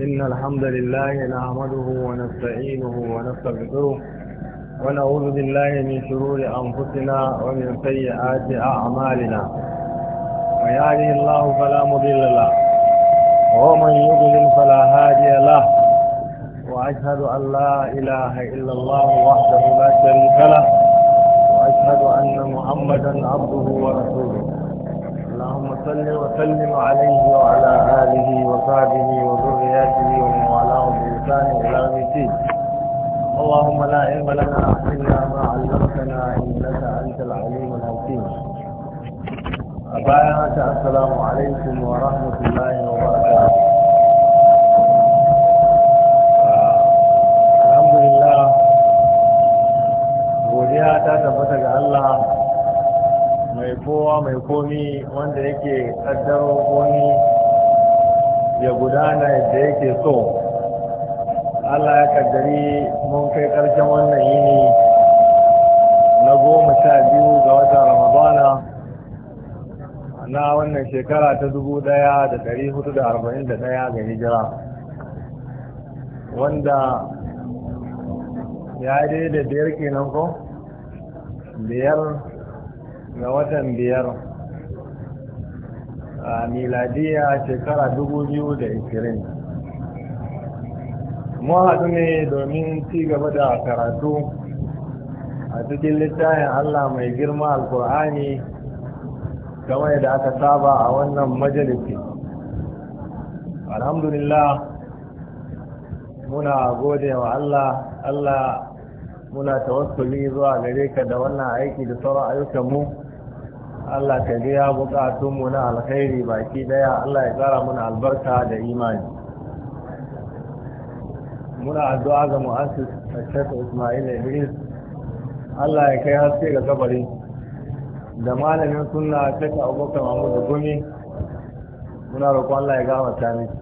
إن الحمد لله نعمده ونستعينه ونستغفره ونعوذ بالله من شرور أنفسنا ومن سيئات أعمالنا ويهده الله فلا مضل له ومن يضلل فلا هادي له وأشهد أن لا إله إلا الله وحده لا شريك له وأشهد أن محمدا عبده ورسوله اللهم صل وسلم عليه وعلى آله وصحبه وذريته وآياته ومن والاه بإحسان إلى يوم الدين اللهم لا علم لنا إلا ما علمتنا إنك أنت العليم الحكيم أبايعك السلام عليكم ورحمة الله وبركاته الحمد لله godiya ta tabbata ga Allah mai kowa mai komi wanda yake kaddaro wani ya gudana yadda yake so allah ya kaddari mun kai ƙarshen wannan yini na goma sha biyu ga watan ramadana na wannan shekara ta dubu ɗaya da ɗari hudu da arba'in da ɗaya ga hijira wanda ya daidai da biyar kenan ko biyar ga watan biyar a miladiya shekara 2020 mun haɗu ne domin ci gaba da karatu a cikin littafin allah mai girma alkur'ani kamar da aka saba a wannan majalisi alhamdulillah muna gode wa allah allah muna tawassuli zuwa gare ka da wannan aiki da sauran ayyukanmu mu Allah ka biya bukatunmu na alkhairi baki daya Allah ya kara muna albarka da imani muna addu'a ga mu'assis Sheikh Ismail Idris Allah ya kai haske ga kabari da malamin sunna Sheikh Abubakar Mahmud Gumi muna roƙon Allah ya gama miki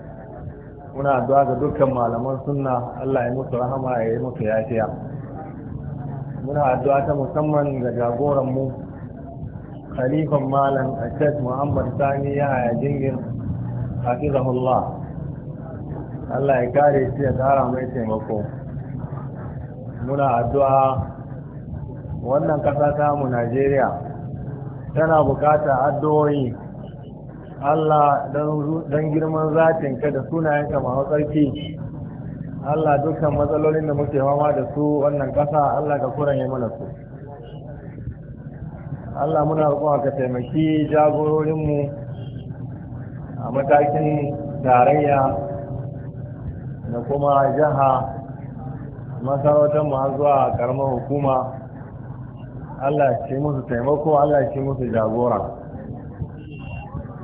muna addu'a ga dukkan malaman sunna Allah ya musu rahama ya yi musu yafiya muna addu'a ta musamman ga jagoran mu khalifan malam ashad muhammad sani ya haya jingin hafizahullah Allah ya kare shi ya kara mai taimako muna addu'a wannan kasa tamu najeriya tana bukata addu'o'i Allah don girman zatinka da sunayenka masu tsarki Allah dukkan matsalolin da muke fama da su wannan ƙasa Allah ka kuranye mana su Allah muna roƙon ka taimaki jagororinmu a matakin tarayya da kuma jiha masarautar har zuwa karamar hukuma Allah ce musu taimako Allah ce musu jagora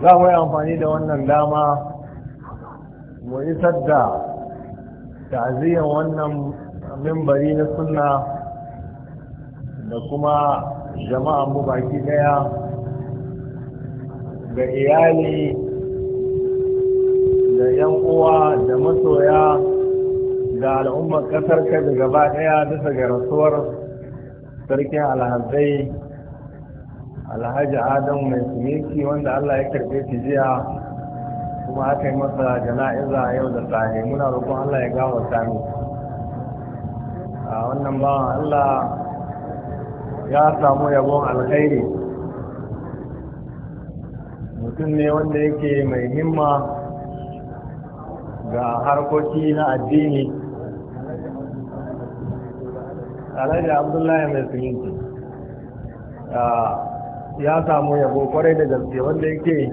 za mu yi amfani da wannan dama mu isar da ta'aziyyar wannan mimbari na sunna da kuma jama'a mu baki daya ga iyali da yan uwa da masoya da al'ummar kasar ka da gaba daya bisa ga rasuwar sarkin alhazai alhaji adam mai suminki wanda allah ya karbe shi jiya kuma aka yi masa jana'iza yau da sahi muna roƙon allah ya gawa sami a wannan bawan allah ya samu yabon alkhairi mutum ne wanda yake mai himma ga harkoki na addini alhaji abdullahi mai siminti ah, ya samu yabo kwarai da gaske wanda yake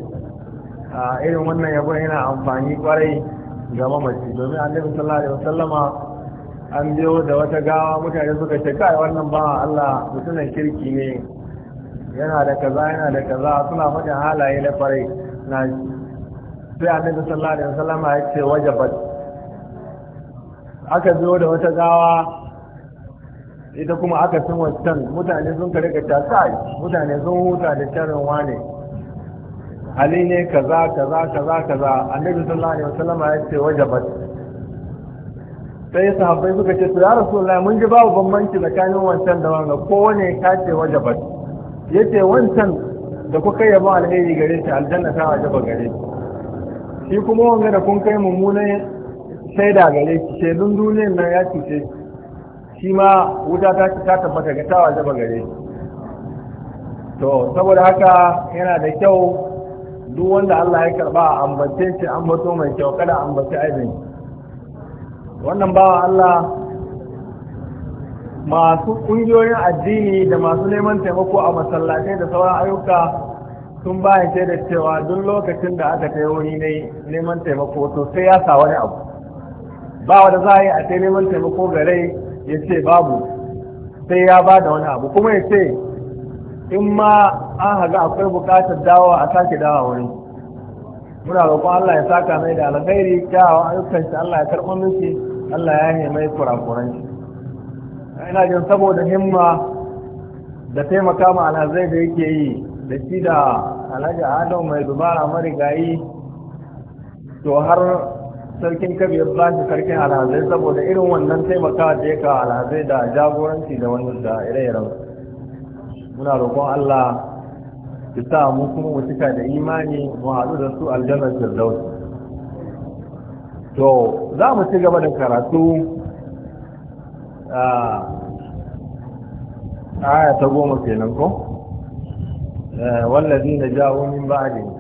a ah, irin wannan yabon yana amfani kwarai ga mamaci domin annabi sallallahu alaihi wasallama an biyo da wata gawa mutane suka ce kai wannan ba Allah mutumin kirki ne yana da kaza yana da kaza suna faɗin halaye na farai na sai annabi sallallahu alaihi wasallam ya ce wajabat aka biyo da wata gawa ita kuma aka san wancan mutane sun ka rika ta mutane sun huta da tarin wane hali ne kaza kaza kaza kaza annabi sallallahu alaihi wasallam ya ce wajabat sai sahabbai suka ce su ya rasu Allah mun ji babu bambanci tsakanin wancan da wannan wane ya kace wajabat yace wancan da kuka yaba alheri gare shi aljanna ta wajaba gare shi shi kuma wanga da kun kai mummunan shaida gare shi shaidun duniyar nan ya cuce shi ma wuta ta ci ta tabbata ga ta wajaba gare shi to saboda haka yana da kyau duk wanda Allah ya karba a ambace shi ambato mai kyau kada ambace aibin wannan bawa Allah masu ƙungiyoyin addini da masu neman taimako a masallatai da sauran ayyuka sun bayan da cewa duk lokacin da aka ta wuri ne neman taimako to sai ya sa wani abu ba wanda za a yi a sai neman taimako gare ya ce babu sai ya ba da wani abu kuma ya ce in ma an haga akwai bukatar dawa a sake dawa wani. muna roƙon Allah ya saka mai da alkhairi kyawawan ayyukan shi Allah ya karɓo miki Allah ya yi mai kurakuran shi ina jin saboda himma da taimaka ma alhazai da yake yi da shi da alhaji adam mai dubara marigayi to har sarkin kabi ya bashi sarkin alhazai saboda irin wannan taimaka da ya ka alhazai da jagoranci da wani da ire-iren muna roƙon Allah ki sa mu kuma mu cika da imani mu haɗu da su aljannar firdaus to za mu ci gaba da karatu ah, aya ta goma kenan ko eh, na ba min بعدهم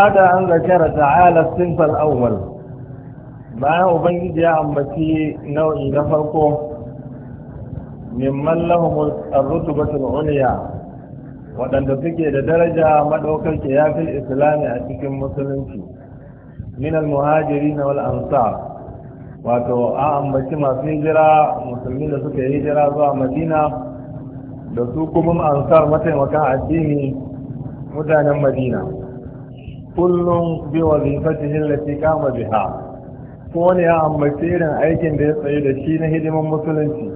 بعد أن ذكر تعالى الصنف الأول bayan ubangiji ya ambaci nau'i na farko mimman lahumul rutubatul uliya waɗanda suke da daraja maɗaukar kiyafin islami a cikin musulunci minal muhajiri na wal ansar wato a ambaci masu hijira musulmi da suka yi hijira zuwa madina da su kuma ansar mataimakan addini mutanen madina kullum bi wazifatihi allati kama biha ko ne ya ambaci irin aikin da ya tsaye da shi na hidiman musulunci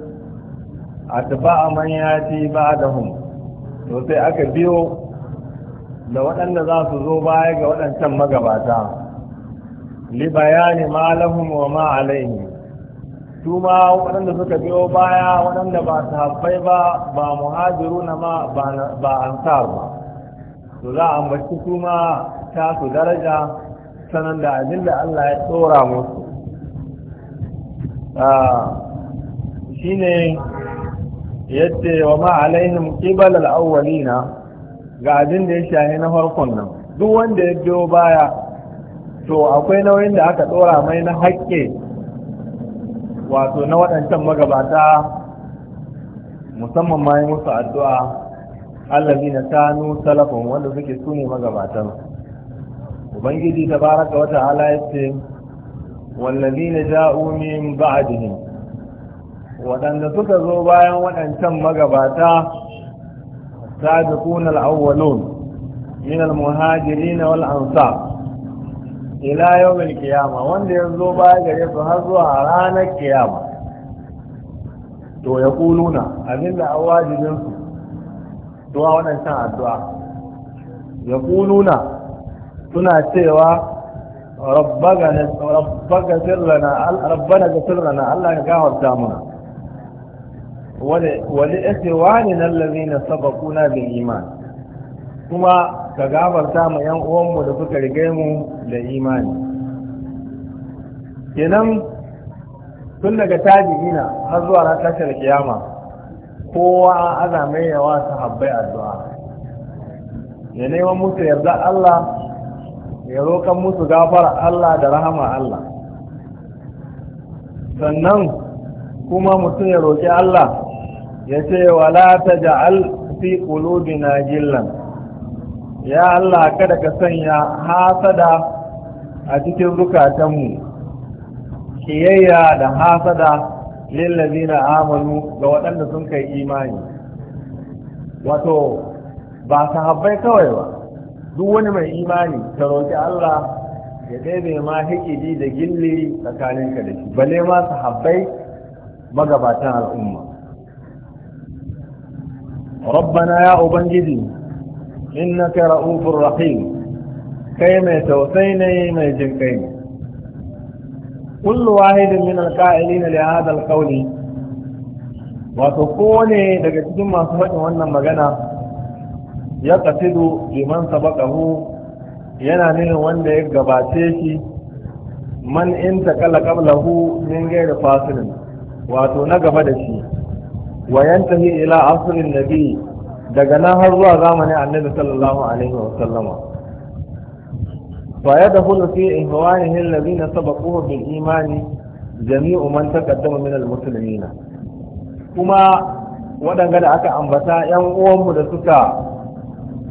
a taba'a ba da hun. to sai aka biyo da waɗanda za su zo baya ga waɗancan magabata li bayani ma lahum wa ma alaihim su ma waɗanda suka biyo baya waɗanda ba sahabbai ba ba muhajiru na ma ba ansar ba to za a ambaci kuma ta su daraja sanan da abin da Allah ya tsora musu ah, shi ne yadda wa ma'alaihim ƙibal al'awwalina ga abin da ya shahi na harkon nan duk wanda ya biyo baya to akwai nauyin da aka tsora mai na haƙƙe wato na waɗancan magabata musamman ma yi musu addu'a allazina kanu salafun wanda suke su ne magabatan ubangiji tabaraka wa ta'ala yace wallazina ja'u min ba'dihim waɗanda suka zo bayan waɗancan magabata sabiquna al-awwalun min al-muhajirin wal ansar ila yawmil qiyamah wanda ya zo baya gare su har zuwa ranar kiyama to ya abinda awajibin su addu'a wannan addu'a ya kununa suna cewa rabbaka sirrana rabbana sirrana Allah ka gafarta mana wani nan kuma ka gafarta mu yan uwanmu da suka rige mu da imani kenan tun daga tajibina har zuwa na tashar kiyama kowa ana mai yawa ta habbai addu'a ya neman musu yarda Allah ya roƙa musu gafara Allah da rahama Allah sannan kuma mutum ya roƙi Allah ya ce wala ta ja'al fi qulubina gillan ya Allah kada ka sanya hasada a cikin zukatanmu kiyayya da hasada na amanu ga waɗanda sun kai imani wato ba sahabbai kawai ba duk wani mai imani ta roƙi Allah ya ɗebe ma hikidi da gilli tsakaninka da shi balle ma sahabbai magabatan al'umma rabbana ya ubangiji innaka ra'ufur rahim kai mai tausayi ne mai jinkai ne kullu wahidin min alqa'ilina li hadha alqawli wato kowane daga cikin masu faɗin wannan magana ya qasidu liman sabaqahu yana nuna wanda ya gabace shi man in takalla qablahu min ghairi fasilin wato na gaba da shi wa yantahi ila asrin nabi daga nan har zuwa zamanin annabi sallallahu alaihi wa sallama فيدخل في إخوانه الذين سبقوه بالإيمان جميع من تقدم من المسلمين كما waɗanda aka ambata ‘yan uwanmu da suka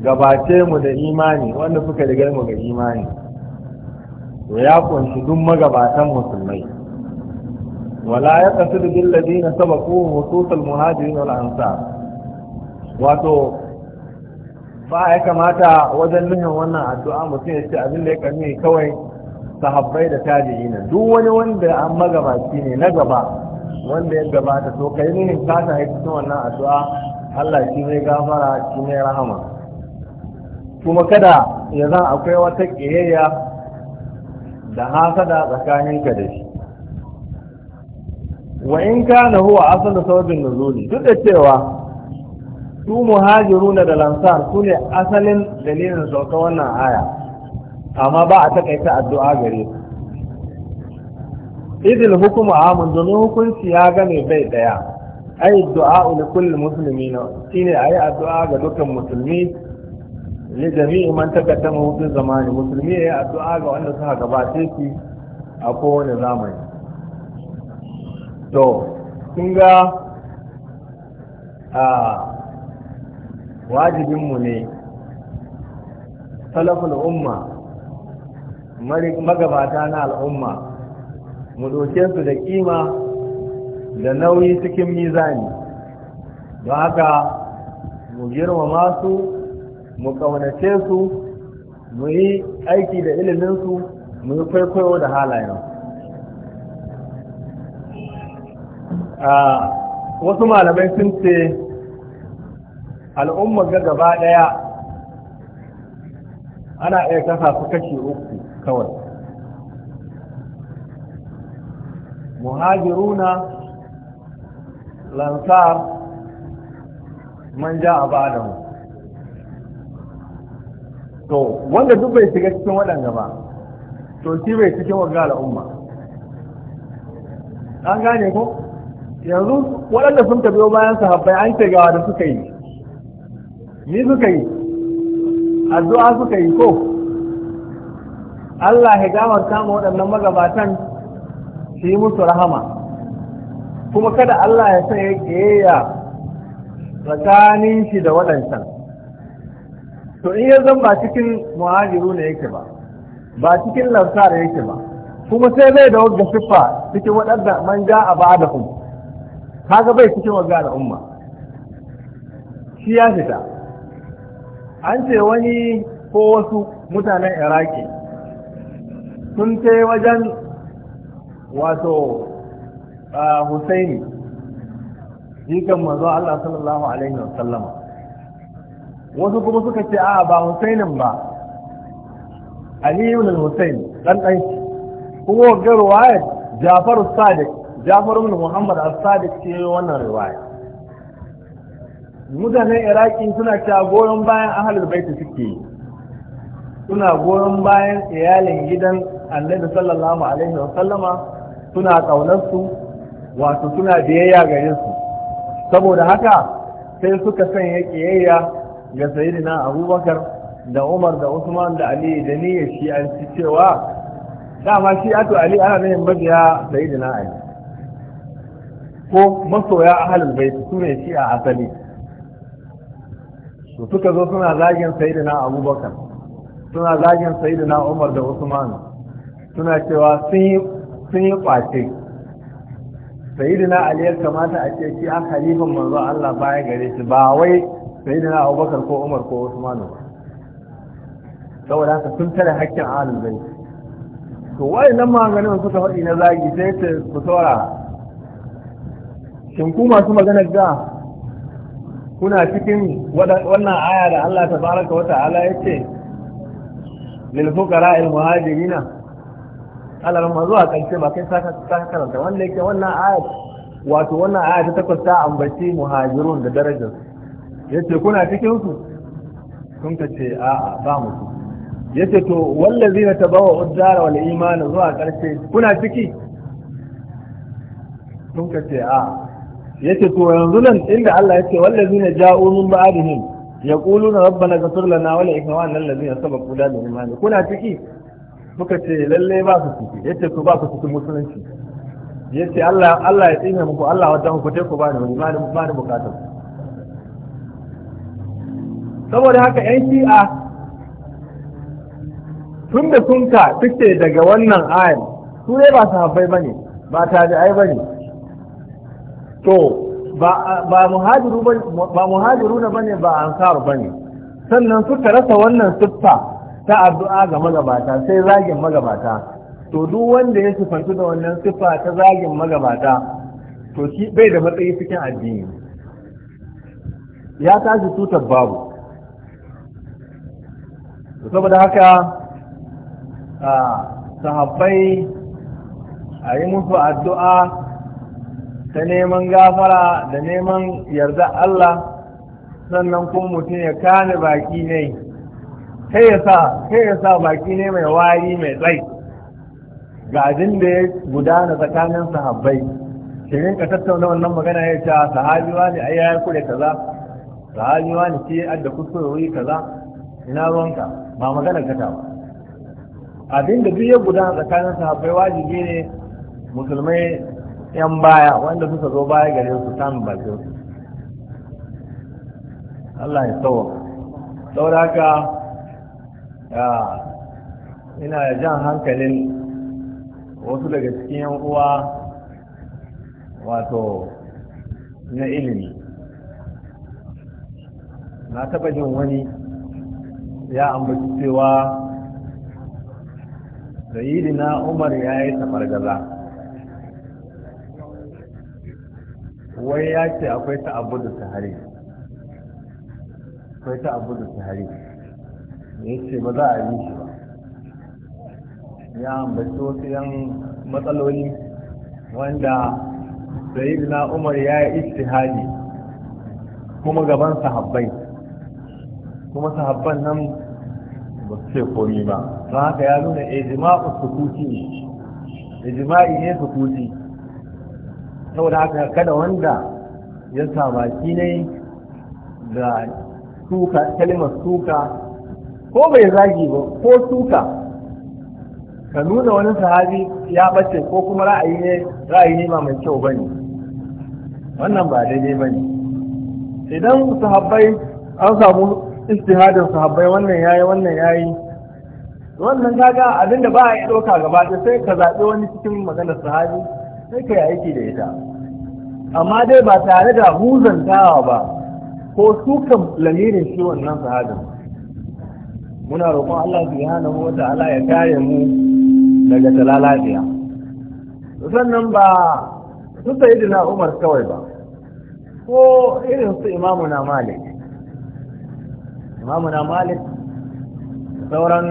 gabace mu da imani wanda suka riga mu ga imani to ya kunshi duk magabatan musulmai wala ya kasu da billabi na saba ko hususul muhajirin wal ansar wato ba ya kamata wajen nuhin wannan addu'a mutum ya ce abin da ya karni kawai sahabbai da tabi'i nan duk wani wanda an magabaci ne na gaba wanda ya gabata to kai nuhin ka ta haifi wannan addu'a Allah shi mai gafara shi ne rahama kuma kada ya zan akwai wata ƙiyayya da hasada tsakaninka da shi wa in kana huwa asalin sababin nuzuli duk da cewa su muhajiruna da lansar su ne asalin dalilin sauka wannan aya amma ba a takaita addu'a gare su idil hukumu amun domin hukunci ya game bai daya ai du'a li kulli shi ne ayi addu'a ga dukkan musulmi ne jami'i man takaddama hudun zamani musulmi yi addu'a ga wanda suka gabace shi a kowane zamani to kun ga a wajibinmu ne salaful umma magabata na al'umma mu ɗauke su da kima da nauyi cikin mizani don haka mu girmama su mu ƙaunace su mu yi aiki da iliminsu mu yi kwaikwayo da halayen ah, wasu malamai sun ce al'ummar ga gaba ɗaya ana iya kasa su kashe uku kawai muhajiruna lansar manja a mu. to wanda duk bai shiga cikin waɗanda ba to shi bai cikin wagga al'umma an gane ko yanzu waɗanda sun tabi bayan sahabbai an ce gawa da suka yi ni suka yi addu'a suka yi ko Allah ya gafarta mu waɗannan magabatan su yi musu rahama kuma kada Allah ya sa ya ƙeya tsakanin shi da waɗancan to in ya zan ba cikin muhajiru ne yake ba ba cikin lansar yake ba kuma sai bai da wadda siffa cikin waɗanda man ja a ba da um kaga bai cikin wadda al'umma shi ya fita an ce wani ko wasu mutanen iraki sun ce wajen wato husaini jikan mazo Allah sallallahu alaihi wa sallama. wasu kuma suka ce a ba husainin ba ali ibn husain dan dan kuma garuwa riwayar Jafar Sadiq Jafar ibn Muhammad As-Sadiq ce wannan riwaya mutanen iraki suna cewa goyon bayan ahalul baiti suke suna goyon bayan iyalin gidan annabi sallallahu alaihi wa sallama suna kaunarsu wato suna biyayya gare su saboda haka sai suka sanya kiyayya ga sayyidina abubakar da umar da usman da ali da niyyar shi an ci cewa dama shi ato ali ana nahin mabiya sayyidina ali ko masoya ahalul baiti su ne shi a asali su suka zo suna zagin sayidina abubakar suna zagin sayidina umar da usman suna cewa sun yi kwace sayidina na Aliyar kamata a ce shi an halifin manzo Allah baya gare shi ba wai sayidina abubakar ko umar ko usman ba saboda haka sun tare hakkin ahlul zai. to wayannan maganganun suka faɗi na zagi sai ta ku saurara shin ku masu maganar da kuna cikin wannan aya da Allah ta baraka wata ala ya ce lilfukara ilmuhajirina alar mazu zuwa ƙarshe ba kai saka karanta wanda yake wannan aya wato wannan aya ta takwas ta ambaci muhajirun da darajar ya ce kuna cikin su sun ka ce a'a ba mu su ya ce to wallazi na tabawa uddara wal imanin zuwa ƙarshe kuna ciki sun ka ce a'a yace to yanzu nan inda Allah yace wallazina ja'u min ba'dihim yaquluna rabbana ighfir lana wa li ikhwanina allazina da min iman kuna ciki muka ce lalle ba su ciki yace to ba ku cikin musulunci yace Allah Allah ya tsine muku Allah wata ku te ku ba ni imani ba ni bukata saboda haka yan shi'a tun da sun ka suke daga wannan ayar su ne ba sahabbai bane ba tabi'ai bane to ba muhajiru ba ne ba ansar bane sannan suka rasa wannan siffa ta addu'a ga magabata sai zagin magabata to duk wanda ya sifantu da wannan siffa ta zagin magabata to shi bai da matsayi cikin addini ya tashi tutar babu saboda haka sahabbai a yi musu addu'a ta neman gafara da neman yarda Allah sannan kuma mutum ya kane baki ne kai ya sa kai ya sa baki ne mai wari mai tsai ga abin da ya gudana tsakanin sahabbai shirin ka tattauna wannan magana ya ce ah, sahabiwa ne ai ya kure kaza sahabiwa ne ce adda kusurori kaza ina ruwanka ba magana ka ta abin da duk ya gudana tsakanin sahabbai wajibi ne musulmai yan baya wanda suka zo baya gare su samun bakin su Allah ya tsawo saboda ya ina da jan hankalin wasu daga cikin yan uwa wato na ilimi na taba jin wani ya ambaci cewa sayidina umar ya yi gaza wai ya ce akwai ta'abu da sahari akwai ta'abu da sahari ya ce ba za a yi shi ba ya ambaci wasu yan matsaloli wanda na umar ya yi istihadi kuma gaban sahabbai kuma sahabban nan ba su ce komi ba don haka ya nuna ijma'u su kuti ne su kuti. saboda haka kada wanda ya sa baki ne da suka kalmar suka ko bai zagi ba ko suka ka nuna wani sahabi ya bace ko kuma ra'ayi ne ra'ayi ne ma mai kyau bane wannan ba daidai bane idan sahabbai an samu istihadin sahabbai wannan yayi wannan yayi wannan kaga abinda ba a yi ɗauka gaba sai ka zaɓi wani cikin maganar sahabi sai ka yi aiki da ita amma dai ba tare da huzantawa ba ko sukan lamirin shi wannan sahabin muna roƙon Allah subhanahu wa ta'ala ya kare mu daga talalafiya sannan ba su sayyidina Umar kawai ba ko irin su imamuna Malik na Malik sauran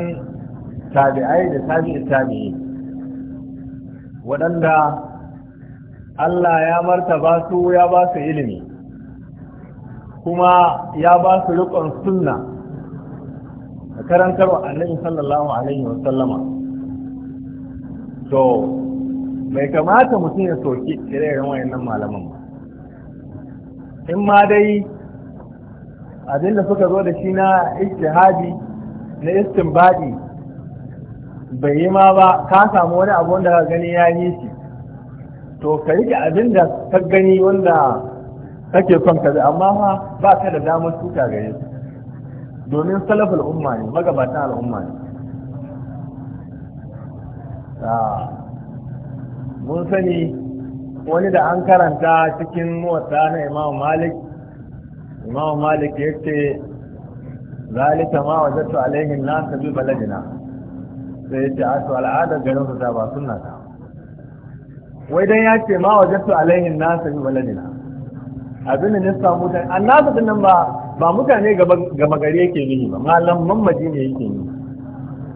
tabi'ai da tabi'i tabi'i waɗanda Allah ya martaba su ya ba su ilimi kuma ya ba su riƙon sunna a karantar wa annabi sallallahu alaihi wa sallama to bai kamata mutum ya soki ire-iren wayannan malaman ba in ma dai abin da suka zo da shi na ijtihadi na istinbadi bai yi ma ba ka samu wani abu wanda ka gani ya yi shi to ka yi abin da ka gani wanda kake son ka amma fa ba ka da damar tuta gare su domin salaful umma ne magabatan al'umma ne ah, mun sani wani da an karanta cikin wata na imam malik imam malik ya ce zalika ma wajattu alaihin nasu bi baladina sai ya ce asu al'adar garin ta ba sunna ta wai dan ya ce ma wajatu alaihin nasu bi waladina abin da na samu an annasu din nan ba ba mutane gaba gari yake gini ba malaman madina yake ne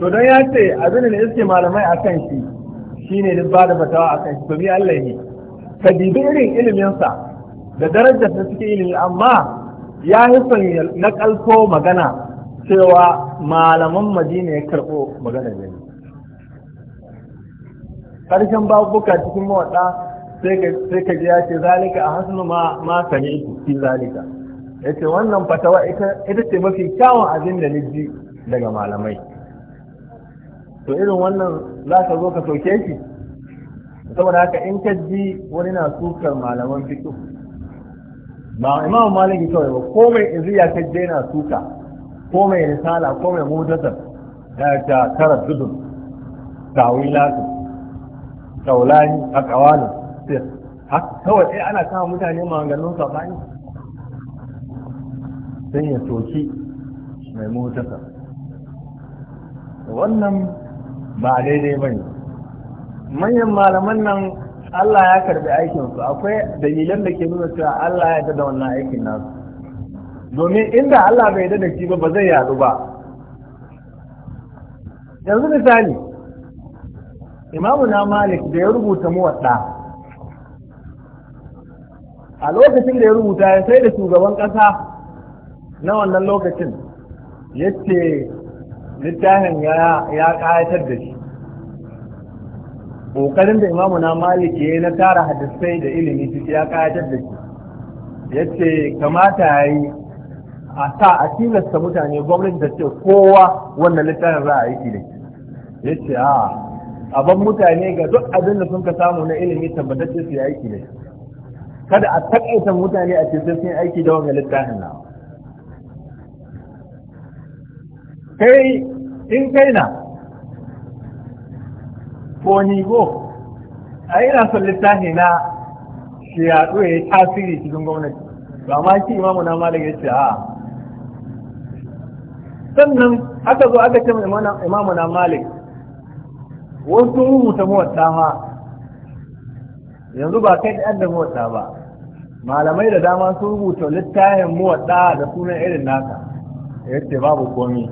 to dan ya ce abin da na iske malamai akan shi shine duk ba da fatawa akan shi to bi Allah ne ka dibi irin iliminsa da darajar da suke ilimi amma ya yi son na kalko magana cewa malaman madina ya karɓo magana ne karshen babuka cikin mawaɗa sai ka ji ya ce zalika a hasnu ma ma sami fi zalika ya ce wannan fatawa ita ce mafi kyawun abin da ji daga malamai to irin wannan za ka zo ka soke shi saboda haka in ka ji wani na sukar malaman fito ba imam maliki kawai ba ko mai iziya ka je na suka ko mai risala ko mai mutasar da ta karar gudun tawilatun kaulani a kawanin kawai sai ana kama mutane maganin sabani sai ya soki mai mutasa wannan ba daidai ba ne manyan malaman nan Allah ya karbi aikinsu akwai dalilan da ke nuna cewa Allah ya da wannan aikin nasu domin inda Allah bai da shi ba ba zai yadu ba yanzu misali imamu na malik da ya rubuta muwadda a lokacin da ya rubuta ya sai da shugaban ƙasa na wannan lokacin ya ce littafin ya ƙayatar da shi ƙoƙarin da imamu na malik ya yi na tara hadisai da ilimi ciki ya ƙayatar da shi ya ce kamata ya yi a sa a tilasta mutane gwamnati da ce kowa wannan littafin za a yi da ya ce a abin mutane ga duk abin da sun ka samu na ilimi tabbatacce su yi aiki da kada a takaita mutane a ce sun aiki da wani littafin na kai in kai na ko ni ko a yi son littafi na shi ya ɗoye tasiri cikin gwamnati ba ma shi imamu na malik ya ce a sannan aka zo aka ce imamu na malik wasu rubuta mawata ma yanzu ba kai ɗan da mawata ba malamai da dama sun rubuta littafin mawata da sunan irin naka yadda babu komi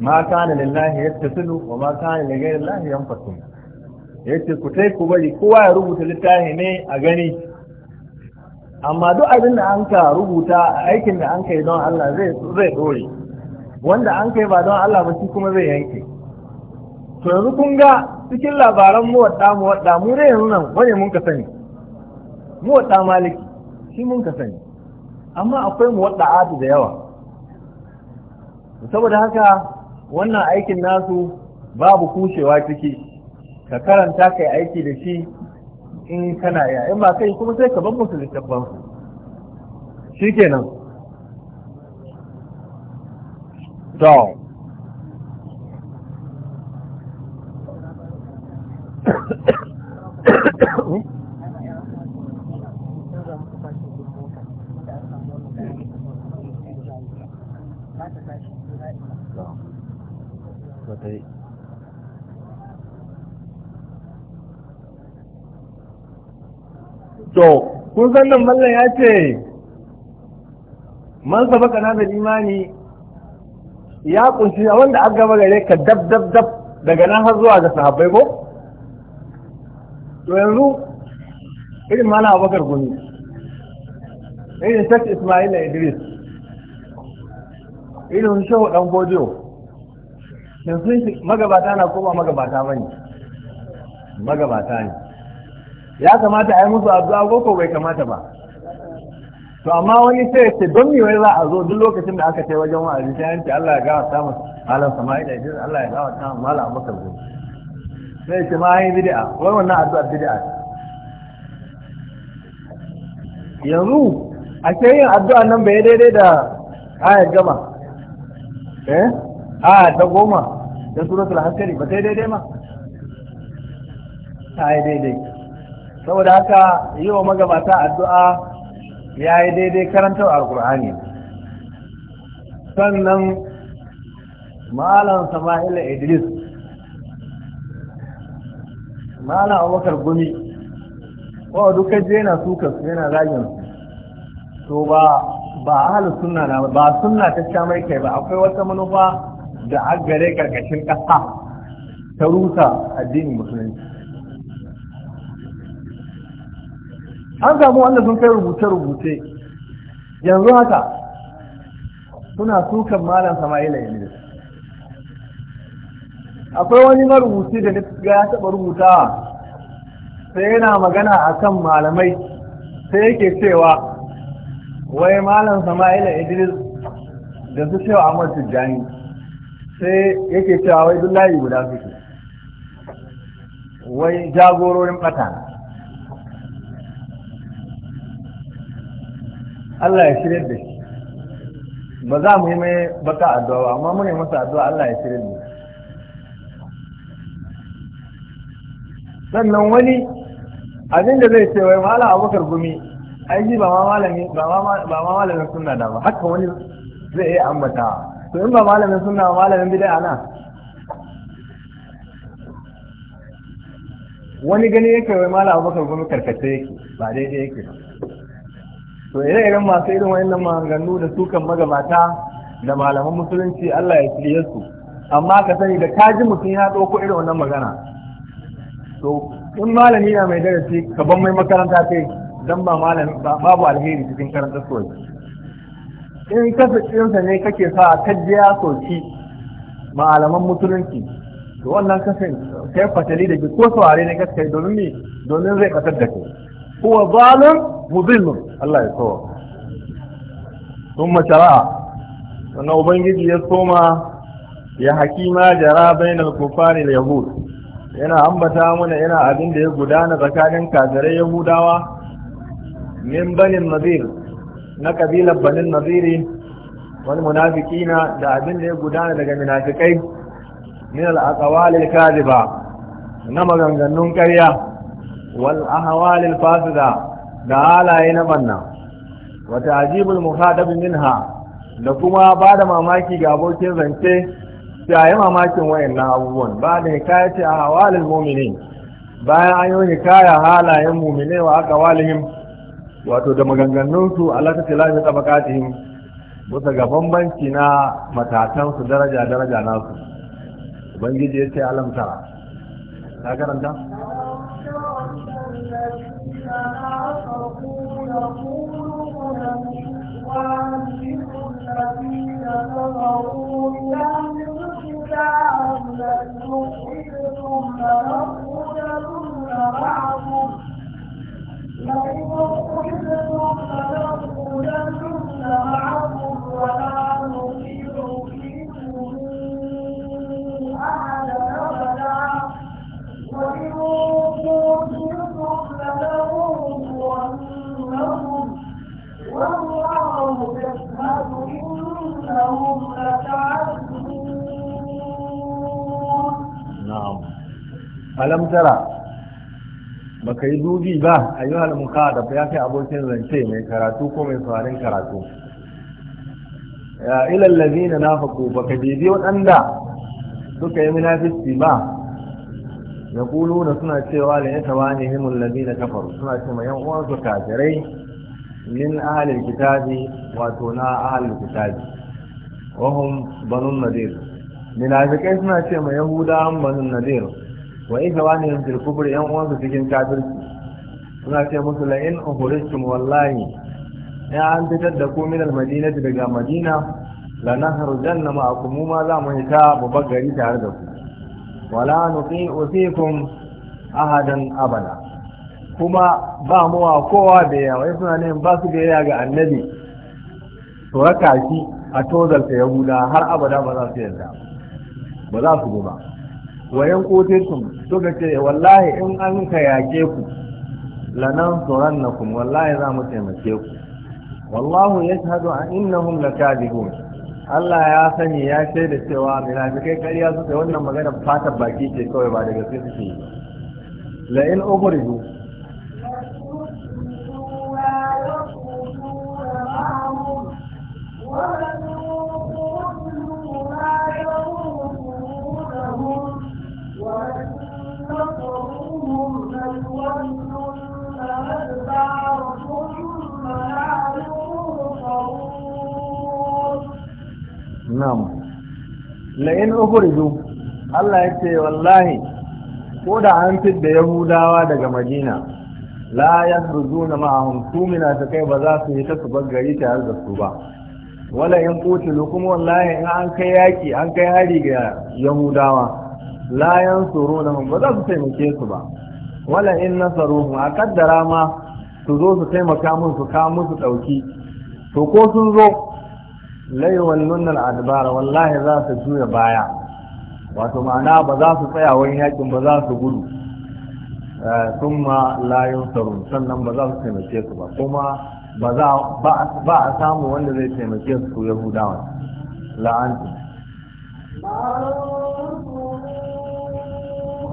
ma kana lillahi sunu wa ma da li lahi yan fasu yadda ku tai ku bari kowa ya rubuta littafi ne a gani amma duk abin da an ka rubuta aikin da an kai don Allah zai zai dore wanda an kai ba don Allah ba shi kuma zai yanke to yanzu kun ga cikin labaran mu muwadda mu dai yanzu nan wani mun ka sani muwadda maliki shi mun ka sani amma akwai muwadda adu da yawa saboda haka wannan aikin nasu babu kushewa ciki ka karanta kai aiki da shi in kana ya in ba kai kuma sai ka bar musu littafan su shikenan to to kun san nan mallan ya ce man sabaka na da imani ya kunshi a wanda an gaba gare ka dab dab dab daga nan har zuwa ga sahabbai ko to yanzu irin mana abokar gumi irin Isma'il ismaila idris irin shehu dan bojo yanzu magabata na koma magabata ba ne magabata ne ya kamata a yi musu addu'a ko bai kamata ba to amma wani sai ce don me wai za a zo duk lokacin da aka ce wajen wa'azi sai an ce Allah ya gawa samun mu malam sama'ila idris Allah ya gawa samun mala abokar gumi sai ce ma yi bidi'a wani wannan addu'a bidi'a yanzu a ce yin addu'a nan bai daidai da ayar gama eh a ta goma da suratul haskari ba sai daidai ma ta yi daidai saboda haka yi wa magabata addu'a ya yi daidai karantar alkur'ani sannan malam sama'ila idris mala wakar gumi wa duka je yana suka su yana zagin to ba ba ahal sunna na ba sunna ta sha mai kai ba akwai wata manufa da gare karkashin ƙasa ta rusa addinin musulunci an samu wanda sun kai rubuce-rubuce yanzu haka suna sukan malam sama'ila yanzu akwai wani marubuci da ya taɓa rubutawa sai yana magana a kan malamai sai yake cewa wai malam sama'ila idris da su cewa amur tijjani sai yake cewa wai duk layi guda suke wai jagororin ɓata Allah ya shirya da shi ba za mu yi mai baka addu'a amma mu ne masa addu'a Allah ya shirya da shi sannan wani abin da zai ce wai a bakar gumi ai shi ba ma malami ba ma malamin sunna da ba haka wani zai iya ambata to in ba malamin sunna malamin bidai ana, wani gani yake wai a bakar gumi karkace yake ba daidai yake to ire-iren masu irin wayannan maganganu da sukan magabata da malaman musulunci Allah ya shirye su amma ka sani da kaji mutum ya ɗauko irin wannan magana so in malami na mai darasi ka ban mai makaranta kai don ba malami babu alheri cikin karanta soyi in kasancewarsa ne kake sa a kajiya soki malaman musulunci to wannan kasa kai fatali da ko saware ne yi domin ne domin zai kasar da kai kuwa zalim mudillun Allah ya so sun macara sannan ubangiji ya soma ya hakima jara bainal kufari da yahud yana ambata mana yana abin da ya gudana tsakanin kazare yahudawa min banin nazir na kabilar banin naziri wani munafiki da abin da ya gudana daga munafikai min al'aqawalil kadiba na maganganun karya wal ahwalil fasida da halaye na banna wa ta'jibul muhadab minha da kuma ba da mamaki ga abokin zance ya yi mamakin na abubuwan ba da ce a hawalin mu'minin bayan an yi hikaya halayen mu'minai wa aka walihim wato da maganganun su Allah ta bakatihim tabakatihim bisa ga bambanci na matatan su daraja daraja nasu ubangiji ya ce alam tara ka karanta يقولون متاعا لتحبتم لنقولن معكم لئن أخذتم لنقولن معكم ولا نطيع فيكم أحدا أبدا وإن والله يشهد إنهم لتعلمون na'am alam tara baka yi dubi ba a ayyuhal da ya kai abokin zance mai karatu ko mai farin karatu ya ila allazina nafaqu baka dibi wadanda suka yi munafici ba yaquluna suna cewa la yatawanihim allazina kafaru suna cewa yan uwan su kafirai min ahli kitabi wato na ahli kitabi wahum banun nadir munafikai suna ce ma yahuda banin nadir wa isa wani yin kubur yan uwansu cikin kafirci suna ce musu la'in uhuristum wallahi ya an fitar da ku min almadinati daga madina la janna ma mu ma za mu hita babbar gari tare da ku wala nuqi usikum ahadan abada kuma ba mu wa kowa da wai suna ne ba su da ga annabi to raka shi a tozalta yahuda har abada ba za su yarda ba za su ba wayan kotetun suka ce wallahi in an ka yake ku lanan kuma wallahi za mu taimake ku wallahu ya yashhadu a innahum lakadibun Allah ya sani ya shaida cewa munafikai ƙarya suka wannan magana fata baki ce kawai ba daga sai suke yi la in ukhriju Na'am. La'in ukhriju Allah ya ce wallahi ko da an fidda Yahudawa daga Madina la yakhrujuna ma'ahum tumina ta kai ba za su yi ta su gari ta yarda da su ba wala in qutilu kuma wallahi in an kai yaki an kai hari ga Yahudawa la yansuruna ba za su taimake su ba wala in nasaruhum a kaddara ma su zo su taimaka mun su kawo musu ɗauki to ko sun zo laiwan nunnal adbara wallahi za su juya baya wato ma'ana ba za su tsaya wani yakin ba za su gudu sun eh, ma layun sarun sannan ba za su taimake su ba kuma ba a samu wanda zai taimake su yahudawa la'antu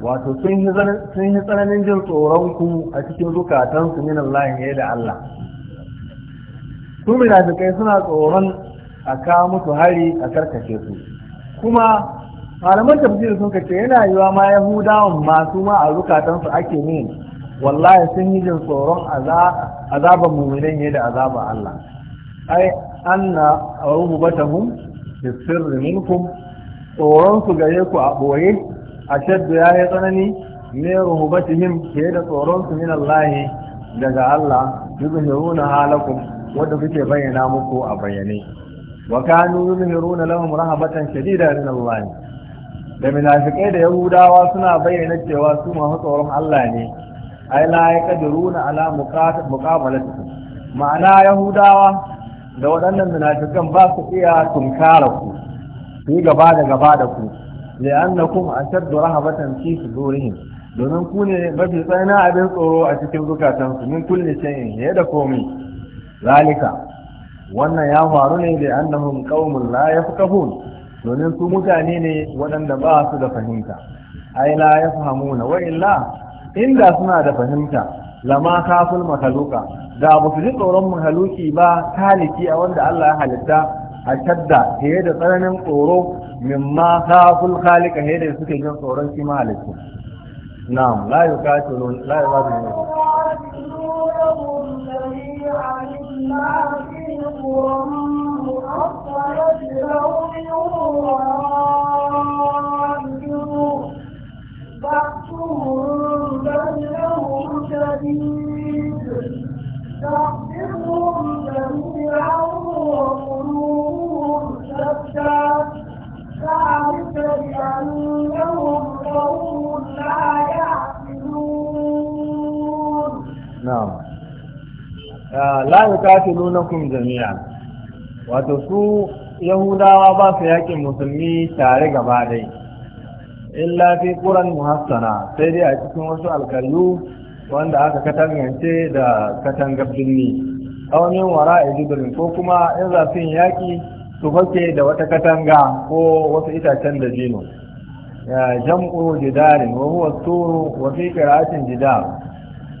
wato sun yi tsananin jin tsoron ku a cikin zukatansu min Allah ya da Allah su munafikai suna tsoron a kawo musu hari a karkace su kuma malaman tafsir sun kace yana yiwa ma yahudawan masu ma a zukatansu ake ne wallahi sun yi jin tsoron azaban mu'minan ne da azaban Allah ai anna rububatahum da minkum tsoron su gare ku a boye ashaddu ya yi tsanani min ruhubatihim ke da tsoronsu min Allah daga Allah yuzhiruna halakum wanda kuke bayyana muku a bayyane wa kanu yuzhiruna lahum rahabatan shadida min Allah da munafikai da yahudawa suna bayyana cewa su masu tsoron Allah ne ai la yaqdiruna ala muqabalatikum ma'ana yahudawa da waɗannan munafikan ba su iya tunkara ku su gaba da gaba da ku li'annakum ashaddu rahabatan fi sudurihim domin ku ne mafi tsananin abin tsoro a cikin zukatansu min kulli shay'in ya da komai zalika wannan ya faru ne da annahum qaumun la yafqahun domin su mutane ne waɗanda ba su da fahimta ai la yafhamuna wa illa inda suna da fahimta lama kafin makhluqa da ba su ji tsoron mahaluki ba taliki a wanda Allah ya halitta a shadda fiye da tsananin tsoro مما خاف الخالق هيدا suke jin tsoron shi malikin na'am la yukatilu la yukatilu la يقولون لن يعلم ما في قومه أفضل لهم وعاد يوم بعثهم لن ذلك بأنهم قوم لا يعقلون نعم wato su yahudawa ba su yakin musulmi tare gaba dai In lafi ƙuran muhassana sai dai a cikin wasu alkalu wanda aka katangance da katangar birni aunin wara ijibirin ko kuma in zafin yaƙi. su hake da wata katanga ko wasu itacen da jino jam'u jidarin wa huwa turu wa fi qira'atin jidar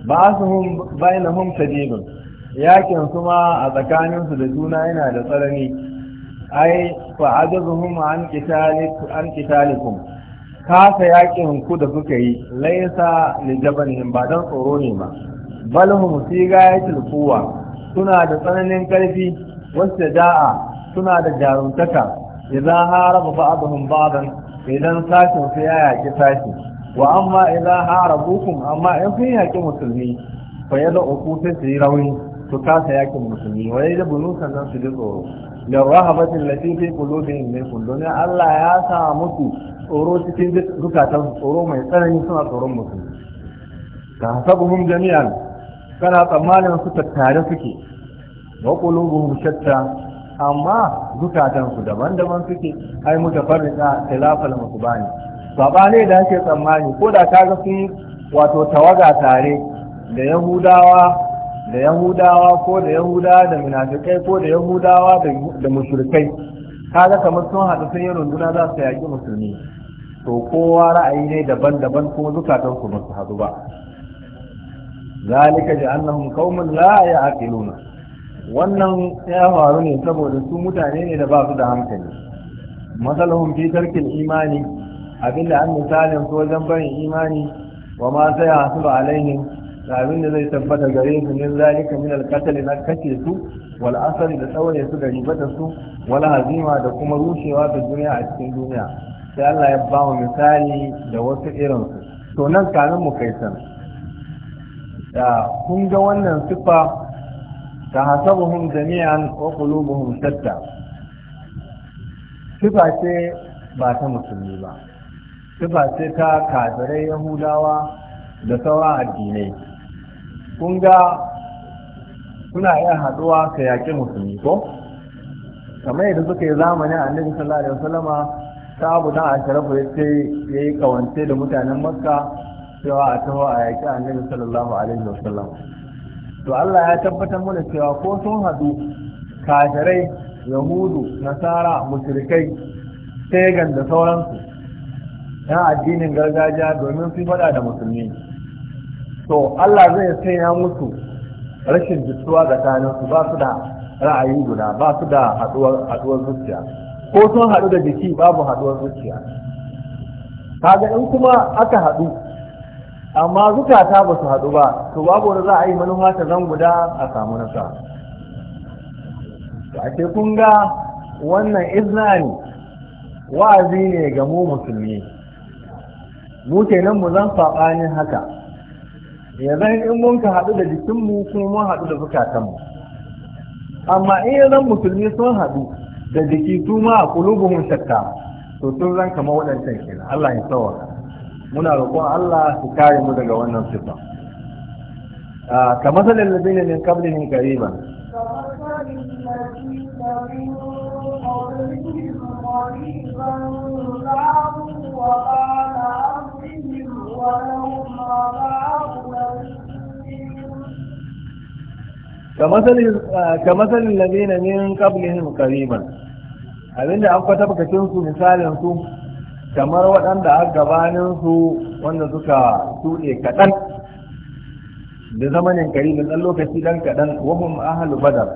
ba'asuhum bainahum sadidun yakin su ma a tsakanin su da juna yana da tsanani ai fa ajazuhum an qitalik an qitalikum kasa yakin ku da kuka yi laisa li jabanin ba dan tsoro ne ba balhum sigayatul quwwa suna da tsananin karfi wasu da'a suna da jaruntaka idan harabu ba'dhum ba'dan idan sashin su ya yaki sashi wa amma idan harabukum amma in kun yaki musulmi fa da uku sai su yi rauni su kasa yaki musulmi wa yada bunusan nan su ji tsoro da rahabatin lati fi qulubihim min kullun Allah ya sa musu tsoro cikin zukatan tsoro mai tsanani suna tsoron musulmi ka sabuhum jami'an kana tsammanin su tattare suke wa qulubuhum shatta amma su daban-daban suke ai muka farrika tilafal ba ne da ake tsammani ko da kaga sun wato tawaga tare da yahudawa da yahudawa ko da yahudawa da munafikai ko da yahudawa da mushrikai kaga kamar sun hadu sun yi runduna za su yaki musulmi to kowa ra'ayi ne daban-daban kuma zukatansu ba su hadu ba zalika ji قوم لا يعقلون nuna. wannan ya faru ne saboda su mutane ne da ba su da hankali Matsalolin fi tarkin imani abinda an misalin su wajen barin imani wa ma sai hasu ba alaihin da abinda zai tabbata gare su ne zalika min alqatl na kace su wal da tsawaye su da ribata su wal hazima da kuma rushewa da duniya a cikin duniya sai Allah ya ba mu misali da wasu irin su to nan kanin mu kai san da kun ga wannan sifa tahasabuhum jami'an wa qulubuhum shatta sifa ce ba ta musulmi ba sifa ce ta kafirai yahudawa da sauran addinai kun ga suna iya haduwa ka yaƙi musulmi ko kamar yadda suka yi zamanin annabi sallallahu alaihi wasallama ta abu dan asharafu ya ce ya yi kawance da mutanen makka cewa a taho a yaƙi annabi sallallahu alaihi wasallama to Allah ya tabbatar mana cewa ko sun haɗu kafirai yahudu nasara musirikai, pagan da sauransu na addinin gargajiya domin su faɗa da musulmi to Allah zai ya musu rashin jituwa ga su ba su da ra'ayi guda ba su da haɗuwar zuciya ko sun haɗu da jiki babu haɗuwar zuciya kaga in kuma aka haɗu amma zukata ba su haɗu ba to babu wanda za a yi manufa ta zan guda a samu nasa a ce kun ga wannan izna ne wa'azi ne ga mu musulmi mu kenan mu zan saɓanin haka zan in mun ka haɗu da jikinmu kuma mun haɗu da zukatanmu amma in zan musulmi sun haɗu da jiki su ma a mun shakka to sun zan kama waɗancan kenan Allah ya tsawaka muna roƙon Allah su kare mu daga wannan sifa ah, kamar salin labinin min kablihin ba kamar أمرهم ولهم da min الذين من قبلهم ba abinda an kwata bakacinsu misalin su kamar waɗanda a gabaninsu wanda suka tuɗe kaɗan da zamanin karibin ɗan lokaci ɗan kaɗan wahum ahalu badar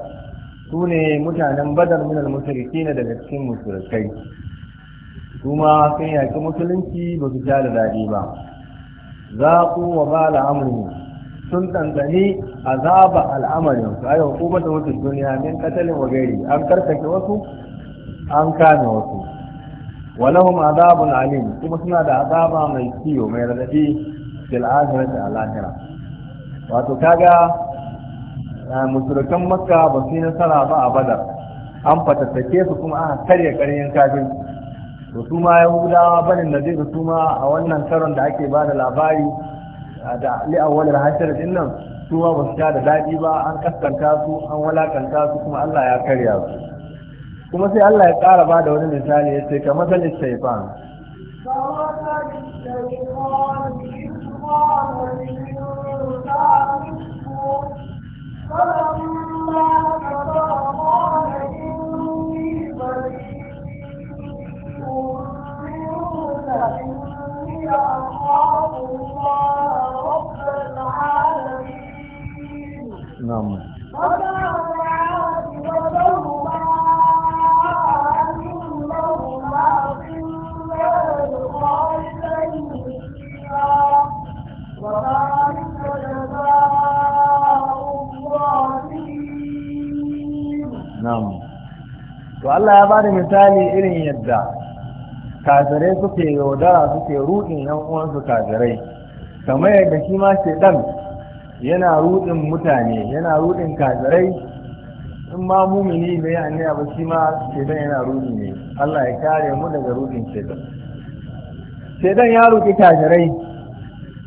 su ne mutanen badar minal musulki ne daga cikin musulkai su ma sun yaƙi musulunci ba su sha da daɗi ba za ku wa ba al'amuri sun ɗanɗani azaba al'amarin su ayyau ko duniya min katalin wa gari an karkace wasu an kame wasu ولهم عذاب عليم kuma suna da azaba mai ciwo mai radadi fil akhirati al akhirah wato kaga eh, musulkan makka ba su nasara ba a badar an fatattake su kuma aka karya karyen kafin to su ma yahudawa banin nadir su ma a wannan karon da ake ba da labari eh, da li awwal al hashr nan su ma ba su da daɗi ba an kaskanta su an walakanta su kuma Allah ya karya su kuma sai Allah ya ƙara ba da wani misali ya ce kamar sani shaifan نعم na'am to Allah ya bada misali irin yadda kafirai suke yaudara suke ruɗin yan uwansu kafirai kamar yadda shi ma shaidan yana ruɗin mutane yana ruɗin kafirai in ma mumini ya ne abu shi ma shaidan yana ruɗi ne Allah ya kare mu daga ruɗin shaidan. Shaidan ya ruɗi kafirai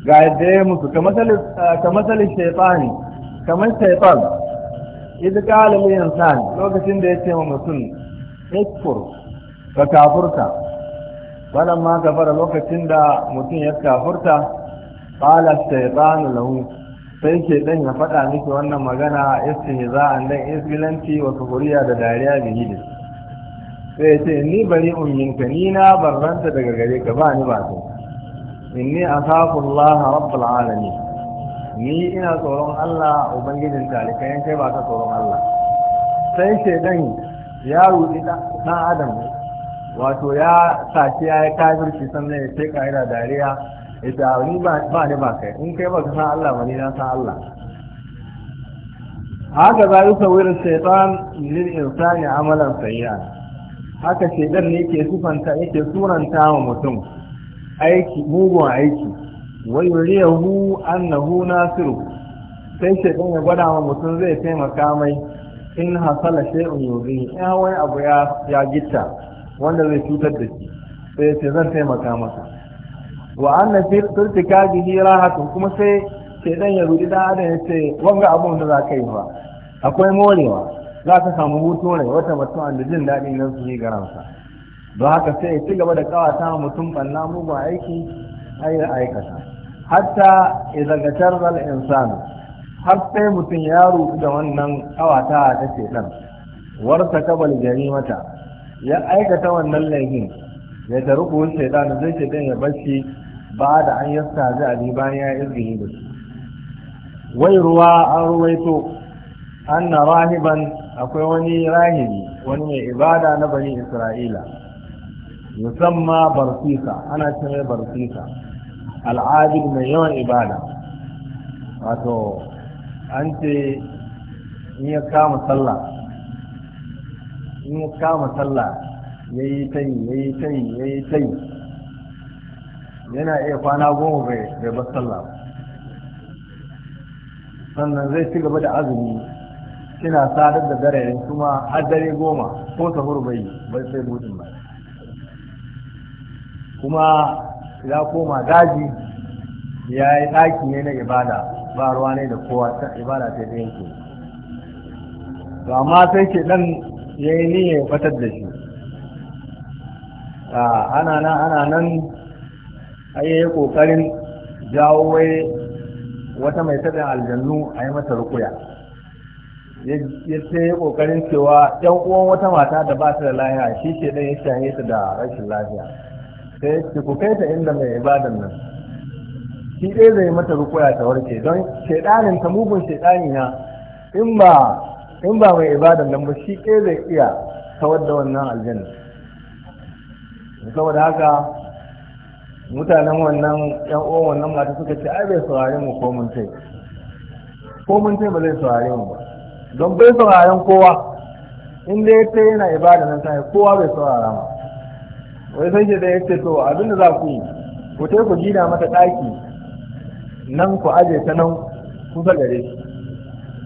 ga yadda ya mutu kamar shaytan kamar shaytan idh qala lil insan lokacin da yace wa mutum ikfur ka kafurta wannan ma kafara lokacin da mutum ya kafurta qala shaytan lahu sai ke dan ya faɗa miki wannan magana istihza'an dan isbilanci wa kufuriya da dariya bihi sai ce ni bari umminka ni na barranta daga gare ka ba ni ba sai inni akhafu Allah rabbul alamin ni ina tsoron Allah ubangijin talikai kai ba ka tsoron Allah sai shaidan ya rudi ɗan adam wato ya sace ya yi kafirci sannan ya ce ka'ida dariya ya ce ni ba ni ba kai in kai ba ka san Allah ba ni na san Allah haka za yi sauyin shaitan lil insani amalan sayya haka shaitan ne ke sufanta yake suranta wa mutum aiki mugun aiki wa yuriyahu annahu nasiru sai dan ya gwada wa mutum zai taimaka mai in hasala shay'un yuzi in wani abu ya ya gitta wanda zai cutar da shi sai ce zan taimaka masa wa anna fi bihi rahatun kuma sai dan ya rudi da adam ya ce wanga abun da za ka yi fa akwai morewa za ka samu hutu ne wata mutum da jin daɗin nan su yi garansa don haka sai ya ci gaba da kawata mutum banna mugun aiki hayar aikata hatta idan ga al-insanu har sai mutum ya rubu da wannan kawata ta ce dan warta kabal mata ya aikata wannan laifin ya taruku shaitan zai shaitan ya bashi ba da an yasta zai abi bayan ya izgini da shi wai ruwa an ruwaito an na rahiban akwai wani rahibi wani mai ibada na bani isra'ila musamman barsisa ana cewa barsisa al'adin mai yawan ibada wato an ce in ya kama sallah in ya kama sallah ya yi ta yi ya yi ta yi ya yi ta yi yana iya kwana goma bai ba sallah sannan zai ci gaba da azumi kina sadar da dare kuma har dare goma ko sahur bai bai sai budin ba kuma ya koma daji ya yi ɗaki ne na ibada ba ruwa ne da kowa ta ibada ta ɗayan ke to amma sai ke ɗan ya yi niyya ya fatar da shi ah, ana nan ana nan ayi ya ƙoƙarin jawo wai wata mai taɗin aljannu a yi mata rukuya ya sai ya ƙoƙarin cewa ‘yan uwan wata mata da ba ta da lahiya shi ke ɗan ya shaye ta da rashin lafiya sai ya ce ku kai ta inda mai ibadan nan shi ɗaya zai mata rukuya ta warke don shaidanin ta mugun shaidani na in ba in ba mai ibadan nan ba shi ɗaya zai iya kawar da wannan aljanna saboda haka mutanen wannan yan uwan wannan mata suka ce ai bai saurare mu ko mun tai ko mun tai ba zai saurare mu ba don bai saurari kowa in dai ta yana ibada nan sai kowa bai saurara mu wai sai da ya ce to abinda za ku yi ku tai ku gina mata ɗaki nan ku aje ta nan kusa gare shi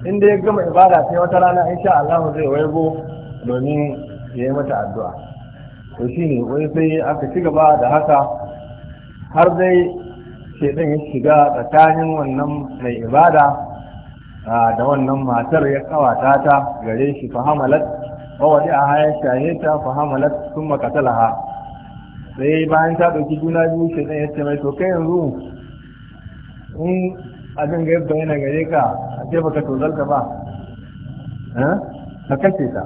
inda ya gama ibada sai wata rana insha Allah zai waigo domin ya yi mata addu'a to shine wai sai aka ci gaba da haka har dai shedan ya shiga tsakanin wannan mai ibada da wannan matar ya kawata ta gare shi fahamalat wa wadi a hayan shaye ta fahamalat sun makatalaha sai bayan ta ɗauki juna biyu shi ɗan yace mai to kai yanzu in abin ga yadda yana gare ka a ce baka ka ba eh, ka kashe ta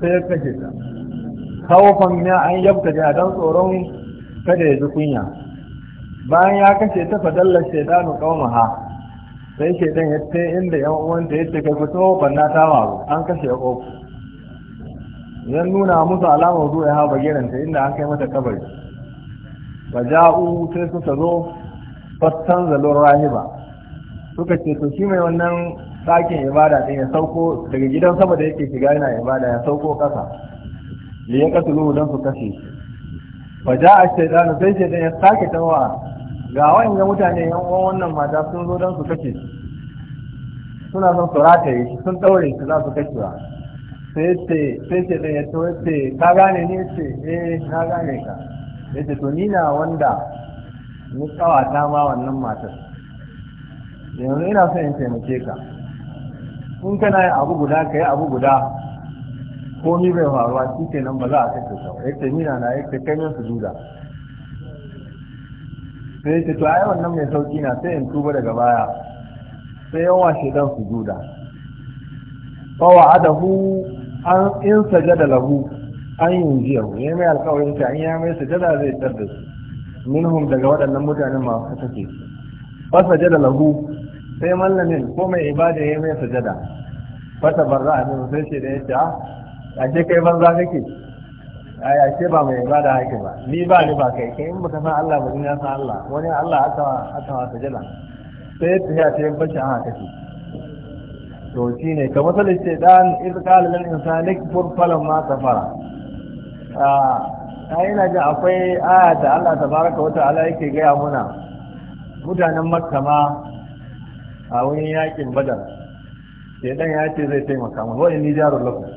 sai ya kashe ta kawafan ya an yabta da don tsoron kada ya ji kunya bayan ya kashe ta fadallar shaidanu ha sai shaidan ya ce inda yan uwanta ya ce kai fito banna ta waru an kashe ya ƙofu Idan nuna musu alamar zuwa ha bagiranta inda an kai mata kabari ba ja'u sai suka zo fastan zalon rahiba suka ce to shi mai wannan ɗakin ibada ɗin ya sauko daga gidan sama da yake shiga yana ibada ya sauko ƙasa li ya katulu don su kashe ba ja a shaytanu sai shaytan ya sake tawa ga wayannan mutane yan uwan wannan mata sun zo don su kashe suna son su rataye shi sun ɗaure shi za su kashe sai ce sai ce ɗaya to ce ka gane ne ce eh na gane ka ya ce to ni na wanda ni tsawata ma wannan matar yanzu ina son in taimake ka in kana yin abu guda ka yi abu guda komi bai faruwa shi ke nan ba za a kashe ka ba yake mina na yake kai min sujuda sai yake to ai wannan mai sauki na sai in tuba daga baya sai yawa su sujuda fa wa'adahu an in sajada lahu an yunjiyahu ya mai alƙawarin ta an ya mai sajada zai tsar da su minhum daga waɗannan mutanen masu take fa sajada lahu sai mallamin ko mai ibada ya mai sajada fa tabarra min sai ce da yace a ce ah, kai banza kake ai ce ba mai ibada hake ba ni ba ni ba kai kai in baka san Allah ba ni na san Allah wani Allah aka aka sajada sai ya ce ya bashi a haka to shi ne ka matsala ce dan izkal lil insani kfur falan ma ta fara a yana ji akwai aya da Allah ka wata ala yake gaya muna mutanen makama ma a wurin yakin badar sai dan ya ce zai taimaka mu wani ni jarul lafi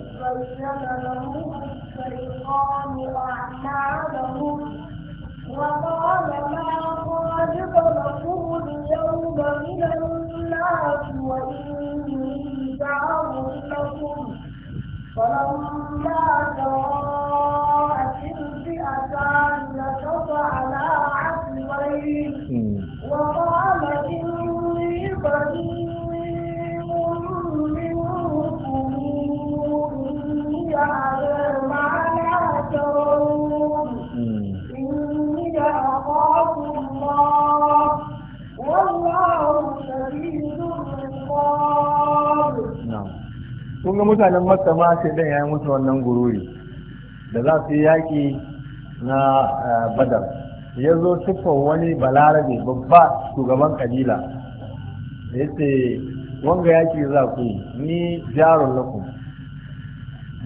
وقال ما خرجت لكم اليوم من الناس وإن متاع لكم فلما تراءت الفئتان نكص على عقبيه وقال إن ga mutanen makka ma sai dan yayi musu wannan gururi da za su yi yaƙi na eh, badar ya zo siffar wani balarabe babba shugaban kabila da ya ce wanga yaƙi za ku ni jarun laku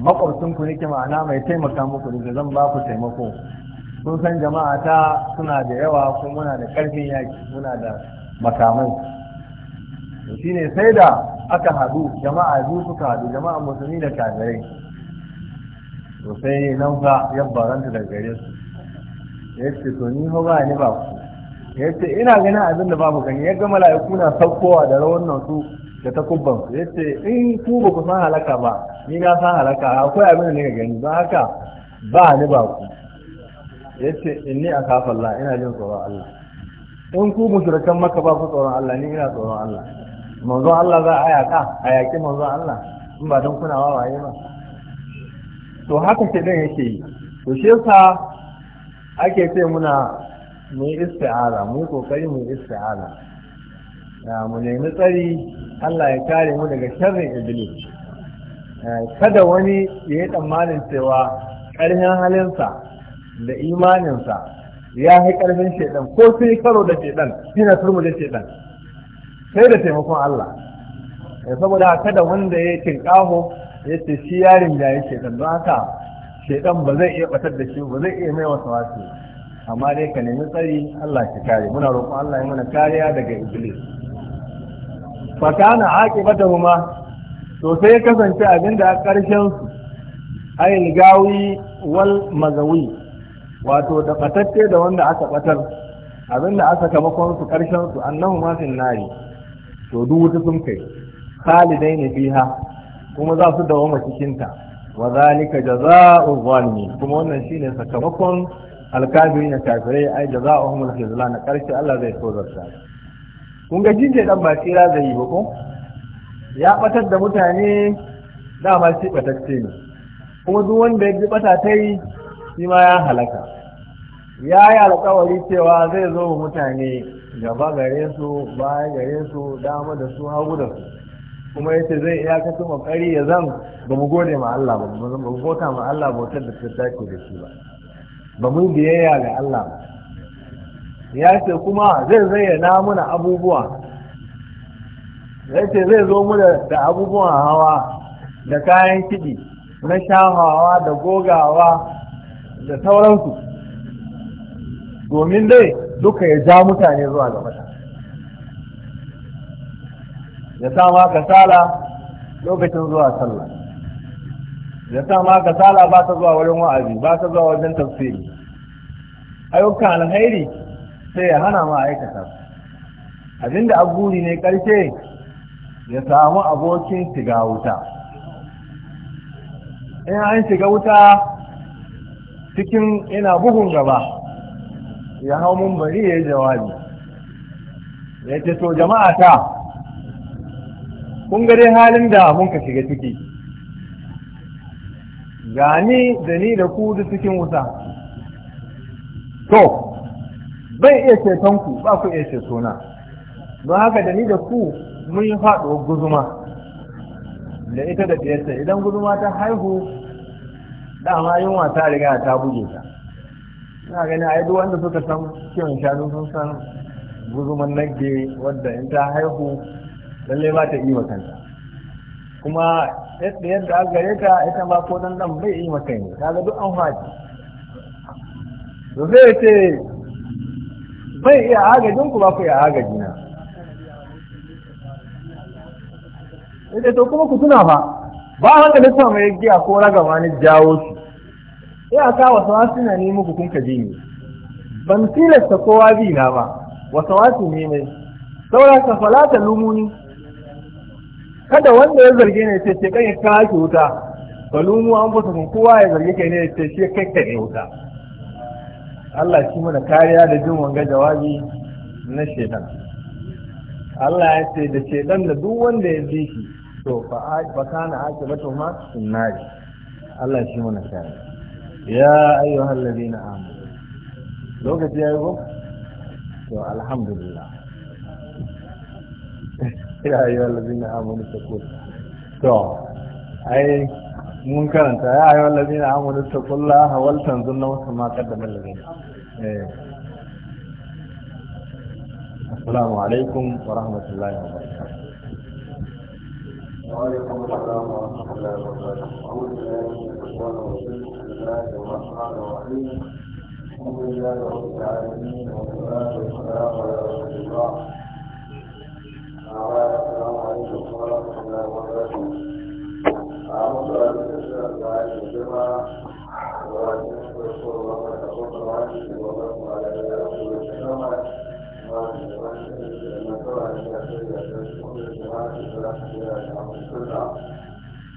makwabcinku nake ma'ana mai taimaka muku da zan ba ku taimako sun san jama'a ta suna da yawa ko muna da ƙarfin yaƙi muna da makamai shi ne sai da aka hadu jama'a biyu suka hadu jama'a musulmi da kafirai to sai nan fa ya baranta da gare su ya ce to ni ho ba ni ba ku ya ce ina ganin abin da babu gani ya ga mala'iku na saukowa da rawan nan su da takubban su ya ce in ku ba ku san halaka ba ni na san halaka akwai abin da ni gani don haka ba ni ba ku ya ce inni a kafin ina jin tsoron Allah in ku mushrikan maka ba ku tsoron Allah ni ina tsoron Allah manzo Allah za a yaƙa a yaƙi manzo Allah in ba don kuna wawaye ba to haka ke dan yake yi to shi yasa ake ce muna mu yi mu kokari mu yi isti'aza mu nemi tsari Allah ya kare mu daga sharrin iblis eh, kada wani ya yi tsammanin cewa ƙarfin halinsa da imaninsa ya yi ƙarfin shaidan ko sai karo da shaidan na turmu da shaidan sai da taimakon Allah eh, saboda kada wanda ya tinkaho ya ce shi yarin da ya ce don haka shaidan ba zai iya batar da shi ba zai iya mai wasu wasu amma dai ka nemi tsari Allah ki kare muna roƙon Allah ya mana kariya daga iblis fa kana aqibatahuma to sai ya kasance abinda a ƙarshen su ayil gawi wal mazawi wato da batacce da wanda aka batar abinda aka kamakon su ƙarshen su annahu ma fil nari to duk wuta sun kai khalidai ne fiha kuma za su dawoma cikinta wa zalika jaza'u zalimi kuma wannan shine sakamakon alkafirin na kafire ai jaza'uhum al-khizlan na karshe Allah zai so tozarta kun ga jinje dan ba tsira zai yi ba ko ya batar da mutane dama shi batacce ne kuma duk wanda ya ji bata ta yi shi ma ya halaka ya yi alkawari cewa zai zo mutane gaba gare su baya gare su dama da su hagu da su kuma ce zai iya kasu makari ya zan ba mu gode ma Allah ba ba mu bota ma Allah bautar da ta dace da shi ba ba mu biyayya ga Allah ba ya ce kuma zai zayyana muna abubuwa ya ce zai zo mu da abubuwan hawa da kayan kiɗi na shafawa da gogawa da sauransu domin dai duka ya ja mutane zuwa ga mata ya sa ma kasala lokacin zuwa sallah ya sa ma kasala ba ta zuwa wurin wa'azi ba ta zuwa wajen tafsiri ayyukan alhairi sai ya hana ma aikata abinda aburi ne karshe ya samu abokin shiga wuta in an shiga wuta cikin ina bugun gaba ya hau mun bari ya yi jawabi ya ce to jama'a ta kun ga dai halin da mun ka shiga ciki gani da ni da ku da cikin wuta to bai iya ceton ku ba ku iya cetona don haka da ni da ku mun yi faɗuwar guzuma da ita da ɗiyarta idan guzuma ta haihu dama yunwa ta riga ta buge ta na gani a duk wanda suka san kiwon shanu sun san guzuman nagge wadda in ta haihu lallai ba ta iya kanta kuma yadda aka gare ta ita ma ko dan dan bai iya kai ne kaga duk an haji to zai ce bai iya agajin ku ba ku iya agaji na ita to kuma ku tuna fa ba hankalin sa mai giya ko ragama ni jawo su iyaka wasu wasu na nemi hukun ka bi ban tilasta kowa bi na ba wasu wasu ne mai saura ka falata lumuni kada wanda ya zarge ne ce ce kai ka ake wuta ba lumu an fasa kun kowa ya zarge kai ne ce ce kai ka ne wuta Allah shi mana kariya da jin wanga jawabi na shedan Allah ya ce da shedan da duk wanda ya bi shi to fa kana ake batuma sunnari Allah shi mana kariya يا أيها الذين آمنوا لو قلت يا أيها الحمد لله يا أيها الذين آمنوا تقول تو أي منكر أنت يا أيها الذين آمنوا اتقوا الله ولتنظرن نفس ما قدم الذين إيه. السلام عليكم ورحمة الله وبركاته وعليكم السلام ورحمة الله وبركاته بسم الله الرحمن الرحيم الحمد لله رب العالمين والصلاة والسلام على رسول الله السلام عليكم ورحمة الله وبركاته أعوذ بالله من الشيطان الرجيم Thank you.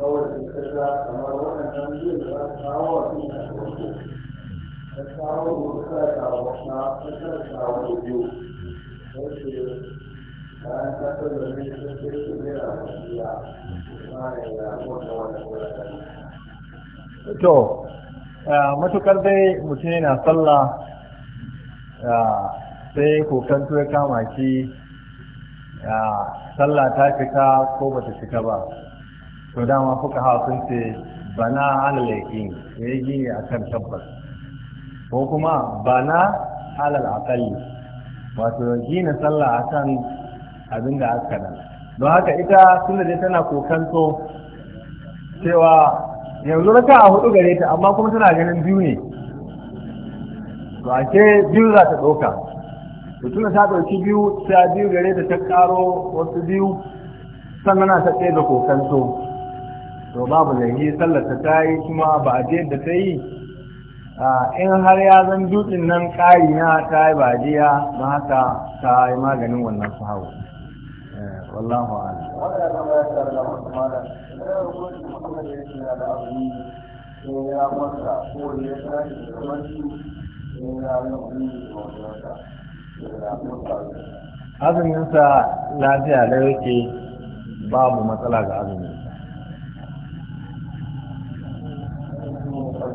kawai da kasa kamar waɗannan biyu da za su kawo a cikin kasuwanci ta kawo da kasa kawo na kasa kawo da biyu wasu bayan kasa da ne ta ce su ne a kwanciya ma ne ya wata wata wata to matukar dai mutum yana sallah sai kokanto ya kama shi sallah ta fita ko bata fita ba to dama fuka hawa sun ce bana alal yaqin ya yi gini kan tabbas ko kuma bana alal aqalli wato gina sallah kan abin da aka nan don haka ita sun da tana kokanto cewa yanzu raka a hudu gare ta amma kuma tana ganin biyu ne to biyu za ta ɗauka to tuna ta ɗauki biyu ta biyu gare ta ta ƙaro wasu biyu sannan na ta tsaye da kokanto to babu zargi sallar ta yi kuma ba a da ta yi in har ya zan dutsen nan ƙari na ta yi ba jiya ba haka ta yi maganin wannan eh, su hau wallahu ala azuminsa lafiya da yake babu matsala ga azumin